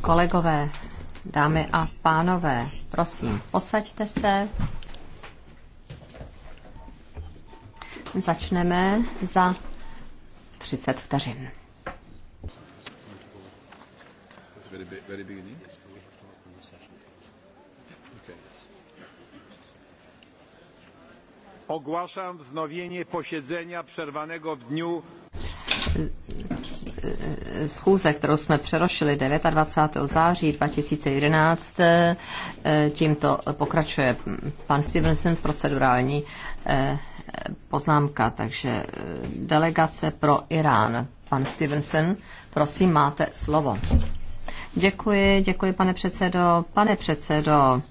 Kolegové, dámy a pánové, prosím, posaďte se. Začneme za 30 vteřin. Ogłaszam wznowienie posiedzenia przerwanego w dniu schůze, kterou jsme přerošili 29. září 2011, eh, tímto pokračuje pan Stevenson procedurální eh, poznámka, takže eh, delegace pro Irán. Pan Stevenson, prosím, máte slovo. Děkuji, děkuji, pane předsedo. Pane předsedo,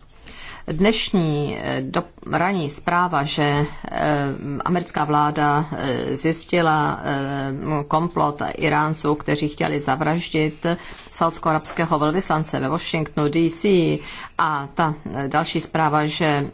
Dnešní eh, do, ranní zpráva, že eh, americká vláda eh, zjistila komplot Iránců, kteří chtěli zavraždit saudsko-arabského velvyslance ve Washingtonu DC a ta další zpráva, že